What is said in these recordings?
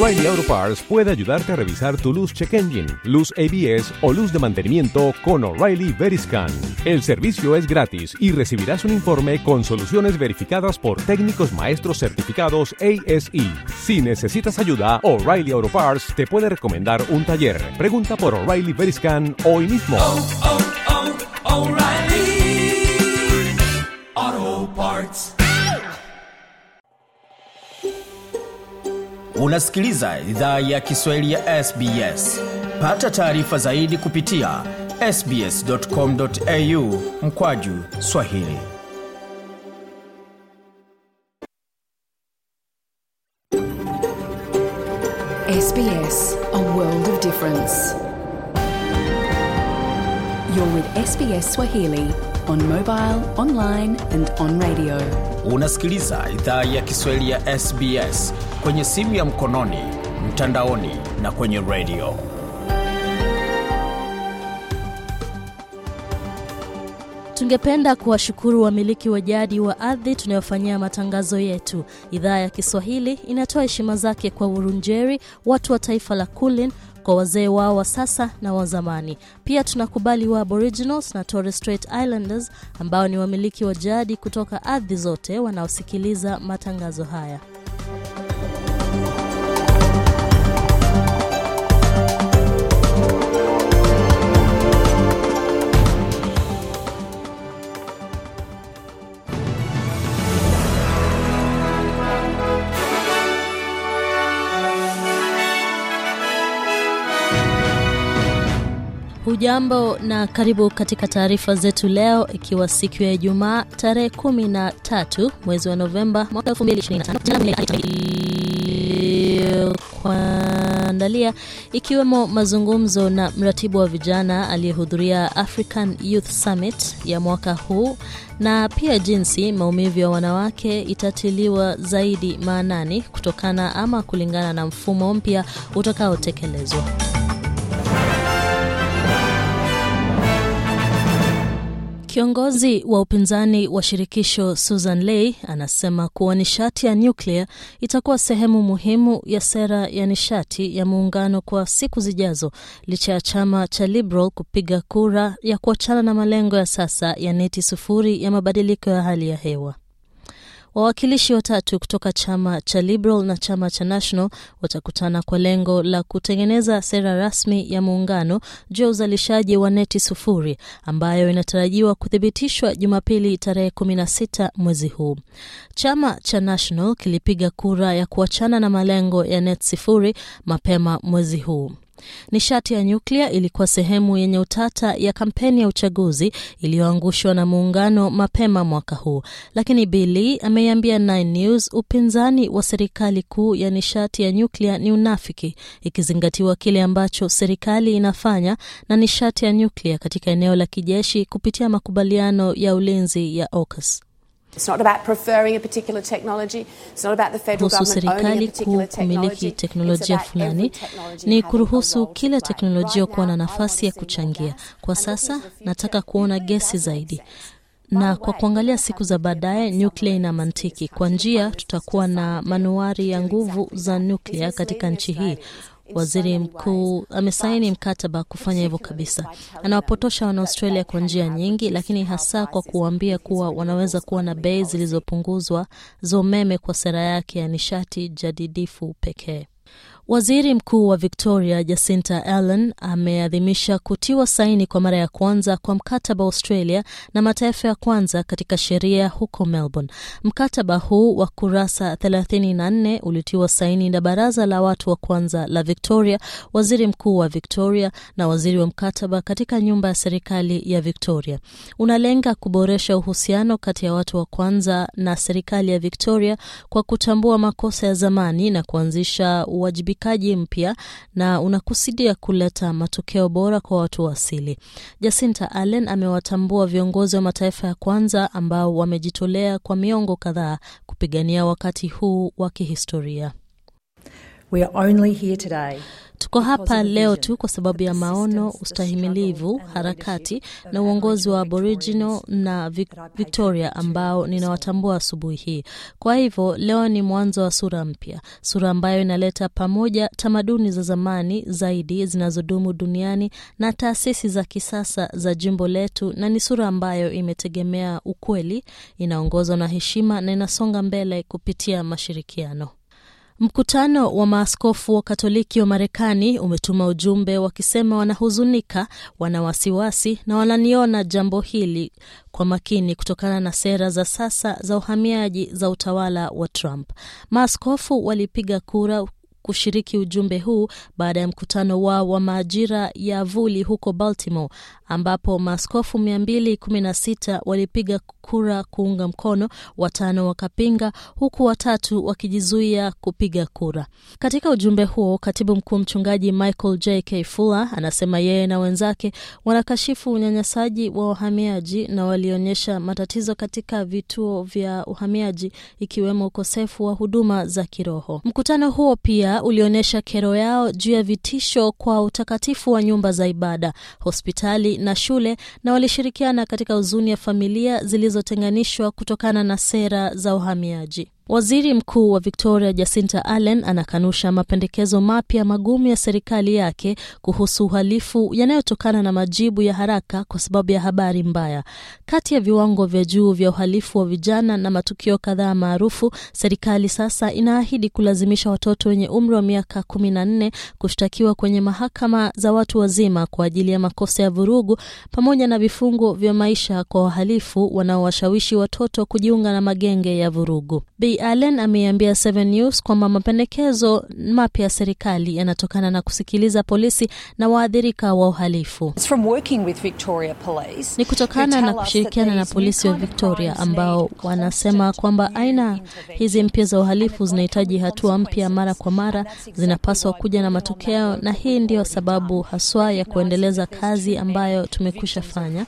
O'Reilly Auto Parts puede ayudarte a revisar tu luz check engine, luz ABS o luz de mantenimiento con O'Reilly Veriscan. El servicio es gratis y recibirás un informe con soluciones verificadas por técnicos maestros certificados ASE. Si necesitas ayuda, O'Reilly Auto Parts te puede recomendar un taller. Pregunta por O'Reilly Veriscan hoy mismo. Oh, oh, oh, unasikiliza idhaa ya kiswahili ya sbs pata taarifa zaidi kupitia sbscomau mkwaju swahili SBS, a world of difference. You're with SBS Swahili on mobile, online and on radio. Unasikiliza idhaa ya Kiswahili ya SBS kwenye simu ya mkononi, mtandaoni na kwenye redio. Tungependa kuwashukuru wamiliki wa jadi wa ardhi tunayofanyia matangazo yetu. Idhaa ya Kiswahili inatoa heshima zake kwa Urunjeri, watu wa taifa la Kulin, kwa wazee wao wa sasa na wa zamani. Pia tunakubali wa Aboriginals na Torres Strait Islanders ambao ni wamiliki wa jadi kutoka ardhi zote wanaosikiliza matangazo haya. Hujambo na karibu katika taarifa zetu leo, ikiwa siku ya Ijumaa tarehe 13 na mwezi wa Novemba mwaka 2025 kuandalia ikiwemo mazungumzo na mratibu wa vijana aliyehudhuria African Youth Summit ya mwaka huu na pia jinsi maumivu ya wanawake itatiliwa zaidi maanani kutokana ama kulingana na mfumo mpya utakaotekelezwa. Kiongozi wa upinzani wa shirikisho Susan Ley anasema kuwa nishati ya nyuklia itakuwa sehemu muhimu ya sera ya nishati ya muungano kwa siku zijazo licha ya chama cha Liberal kupiga kura ya kuachana na malengo ya sasa ya neti sufuri ya mabadiliko ya hali ya hewa. Wawakilishi watatu kutoka chama cha Liberal na chama cha National watakutana kwa lengo la kutengeneza sera rasmi ya muungano juu ya uzalishaji wa neti sufuri ambayo inatarajiwa kuthibitishwa Jumapili tarehe 16 mwezi huu. Chama cha National kilipiga kura ya kuachana na malengo ya neti sifuri mapema mwezi huu. Nishati ya nyuklia ilikuwa sehemu yenye utata ya kampeni ya uchaguzi iliyoangushwa na muungano mapema mwaka huu, lakini Bili ameiambia Nine News upinzani wa serikali kuu ya nishati ya nyuklia ni unafiki, ikizingatiwa kile ambacho serikali inafanya na nishati ya nyuklia katika eneo la kijeshi kupitia makubaliano ya ulinzi ya AUKUS kuhusu serikali kumiliki teknolojia fulani, ni kuruhusu kila teknolojia kuwa na nafasi ya kuchangia. Kwa sasa nataka kuona gesi zaidi na kwa kuangalia siku za baadaye, nyuklia ina mantiki. Kwa njia, tutakuwa na manuari ya nguvu za nyuklia katika nchi hii. Waziri mkuu amesaini mkataba kufanya hivyo kabisa. Anawapotosha Wanaaustralia kwa njia nyingi, lakini hasa kwa kuwaambia kuwa wanaweza kuwa na bei zilizopunguzwa za umeme kwa sera yake ya nishati jadidifu pekee. Waziri Mkuu wa Victoria Jacinta Allen ameadhimisha kutiwa saini kwa mara ya kwanza kwa mkataba wa Australia na mataifa ya kwanza katika sheria huko Melbourne. Mkataba huu wa kurasa 34 ulitiwa saini na Baraza la Watu wa Kwanza la Victoria, Waziri Mkuu wa Victoria na waziri wa mkataba katika nyumba ya serikali ya Victoria. Unalenga kuboresha uhusiano kati ya watu wa kwanza na serikali ya Victoria kwa kutambua makosa ya zamani na kuanzisha uwajibikaji uwajibikaji mpya na unakusudia kuleta matokeo bora kwa watu wa asili. Jacinta Allen amewatambua viongozi wa mataifa ya kwanza ambao wamejitolea kwa miongo kadhaa kupigania wakati huu wa kihistoria. We are only here today. Tuko hapa leo tu kwa sababu ya maono, ustahimilivu, harakati na uongozi wa Aboriginal na Victoria ambao ninawatambua asubuhi hii. Kwa hivyo leo ni mwanzo wa sura mpya, sura ambayo inaleta pamoja tamaduni za zamani zaidi zinazodumu duniani na taasisi za kisasa za jimbo letu, na ni sura ambayo imetegemea ukweli, inaongozwa na heshima na inasonga mbele kupitia mashirikiano. Mkutano wa maaskofu wa Katoliki wa Marekani umetuma ujumbe wakisema wanahuzunika, wana wasiwasi na wananiona jambo hili kwa makini kutokana na sera za sasa za uhamiaji za utawala wa Trump. Maaskofu walipiga kura kushiriki ujumbe huu baada ya mkutano wao wa maajira ya vuli huko Baltimore, ambapo maaskofu 216 walipiga kura kuunga mkono, watano wakapinga, huku watatu wakijizuia kupiga kura. Katika ujumbe huo, katibu mkuu mchungaji Michael J. K. Fuller anasema yeye na wenzake wanakashifu unyanyasaji wa wahamiaji na walionyesha matatizo katika vituo vya uhamiaji, ikiwemo ukosefu wa huduma za kiroho. Mkutano huo pia ulionyesha kero yao juu ya vitisho kwa utakatifu wa nyumba za ibada, hospitali na shule, na walishirikiana katika huzuni ya familia zilizotenganishwa kutokana na sera za uhamiaji. Waziri Mkuu wa Victoria Jacinta Allen anakanusha mapendekezo mapya magumu ya serikali yake kuhusu uhalifu yanayotokana na majibu ya haraka kwa sababu ya habari mbaya. Kati ya viwango vya juu vya uhalifu wa vijana na matukio kadhaa maarufu, serikali sasa inaahidi kulazimisha watoto wenye umri wa miaka kumi na nne kushtakiwa kwenye mahakama za watu wazima kwa ajili ya makosa ya vurugu pamoja na vifungo vya maisha kwa wahalifu wanaowashawishi watoto kujiunga na magenge ya vurugu. Bi Allen ameiambia Seven News kwamba mapendekezo mapya ya serikali yanatokana na kusikiliza polisi na waathirika wa uhalifu. Ni kutokana na kushirikiana na polisi wa Victoria ambao wanasema kwamba aina hizi mpya za uhalifu zinahitaji hatua mpya mara kwa mara, zinapaswa kuja na matokeo, na hii ndiyo sababu haswa ya kuendeleza kazi ambayo tumekwisha fanya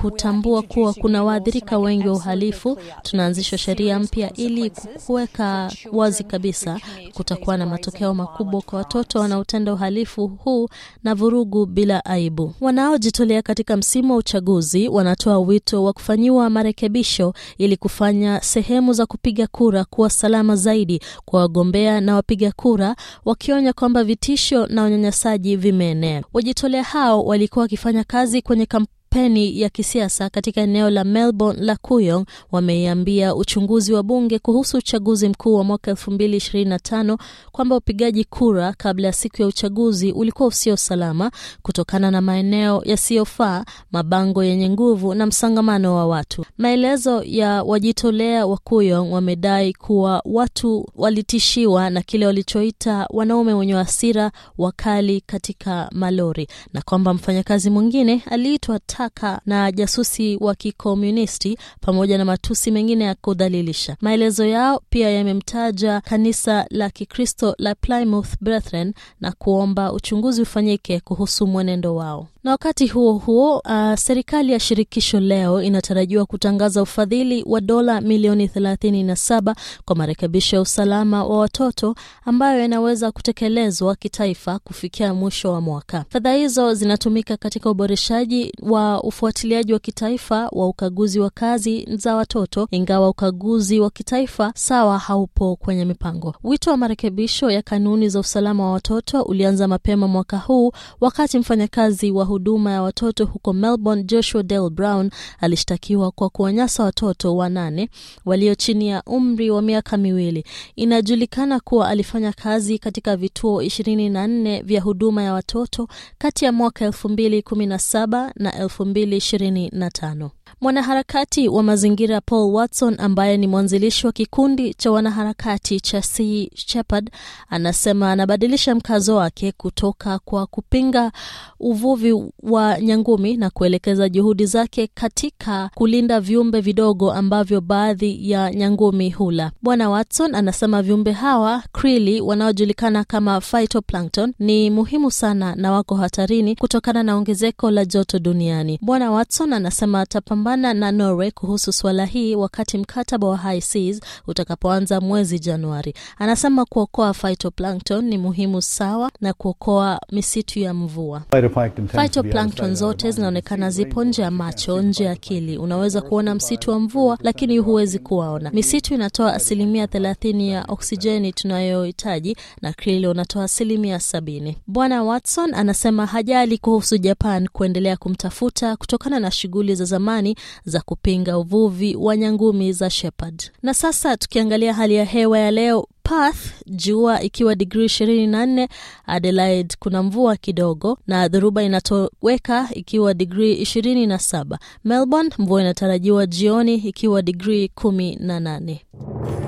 kutambua kuwa kuna waathirika wengi wa uhalifu, tunaanzisha sheria mpya ili kuweka wazi kabisa. Kutakuwa na matokeo makubwa kwa watoto wanaotenda uhalifu huu na vurugu bila aibu. Wanaojitolea katika msimu wa uchaguzi wanatoa wito wa kufanyiwa marekebisho ili kufanya sehemu za kupiga kura kuwa salama zaidi kwa wagombea na wapiga kura, wakionya kwamba vitisho na unyanyasaji vimeenea. Wajitolea hao walikuwa wakifanya kazi kwenye kampuni peni ya kisiasa katika eneo la Melbourne la Kuyong wameiambia uchunguzi wa bunge kuhusu uchaguzi mkuu wa mwaka 2025 kwamba upigaji kura kabla ya siku ya uchaguzi ulikuwa usio salama kutokana na maeneo yasiyofaa, mabango yenye nguvu na msangamano wa watu. Maelezo ya wajitolea wa Kuyong wamedai kuwa watu walitishiwa na kile walichoita wanaume wenye hasira wakali katika malori na kwamba mfanyakazi mwingine aliitwa taka na jasusi wa kikomunisti pamoja na matusi mengine ya kudhalilisha. Maelezo yao pia yamemtaja kanisa la Kikristo la Plymouth Brethren na kuomba uchunguzi ufanyike kuhusu mwenendo wao. Na wakati huo huo, uh, serikali ya shirikisho leo inatarajiwa kutangaza ufadhili wa dola milioni 37 kwa marekebisho ya usalama wa watoto ambayo yanaweza kutekelezwa kitaifa kufikia mwisho wa mwaka. Fedha hizo zinatumika katika uboreshaji wa ufuatiliaji wa kitaifa wa ukaguzi wa kazi za watoto, ingawa ukaguzi wa kitaifa sawa haupo kwenye mipango. Wito wa marekebisho ya kanuni za usalama wa watoto ulianza mapema mwaka huu wakati mfanyakazi wa huduma ya watoto huko Melbourne, Joshua del Brown alishtakiwa kwa kuwanyasa watoto wanane walio chini ya umri wa miaka miwili. Inajulikana kuwa alifanya kazi katika vituo 24 vya huduma ya watoto kati ya mwaka 2017 na 2025. Mwanaharakati wa mazingira Paul Watson ambaye ni mwanzilishi wa kikundi cha wanaharakati cha Sea Shepherd anasema anabadilisha mkazo wake kutoka kwa kupinga uvuvi wa nyangumi na kuelekeza juhudi zake katika kulinda viumbe vidogo ambavyo baadhi ya nyangumi hula. Bwana Watson anasema viumbe hawa krili wanaojulikana kama phytoplankton ni muhimu sana na wako hatarini kutokana na ongezeko la joto duniani. Bwana Watson anasema atapa kupambana na Norway kuhusu suala hii wakati mkataba wa high seas utakapoanza mwezi Januari. Anasema kuokoa phytoplankton ni muhimu sawa na kuokoa misitu ya mvua. Phytoplankton zote zinaonekana zipo nje ya macho, nje ya akili. Unaweza kuona msitu wa mvua, lakini huwezi kuwaona. Misitu inatoa asilimia thelathini ya oksijeni tunayohitaji na krili unatoa asilimia sabini. Bwana Watson anasema hajali kuhusu Japan kuendelea kumtafuta kutokana na shughuli za zamani duniani za kupinga uvuvi wa nyangumi za Shepherd. Na sasa tukiangalia hali ya hewa ya leo Perth jua ikiwa digrii 24, Adelaide kuna mvua kidogo na dhoruba inatoweka ikiwa digrii 27. Melbourne mvua inatarajiwa jioni ikiwa digrii 18.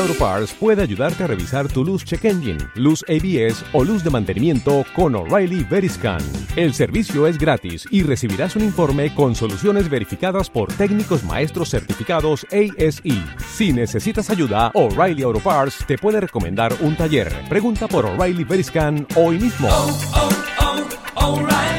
Auto Parts puede ayudarte a revisar tu luz check engine, luz ABS o luz de mantenimiento con O'Reilly Veriscan. El servicio es gratis y recibirás un informe con soluciones verificadas por técnicos maestros certificados ASI. E. Si necesitas ayuda, O'Reilly Auto Parts te puede recomendar un taller. Pregunta por O'Reilly Veriscan hoy mismo. Oh, oh, oh,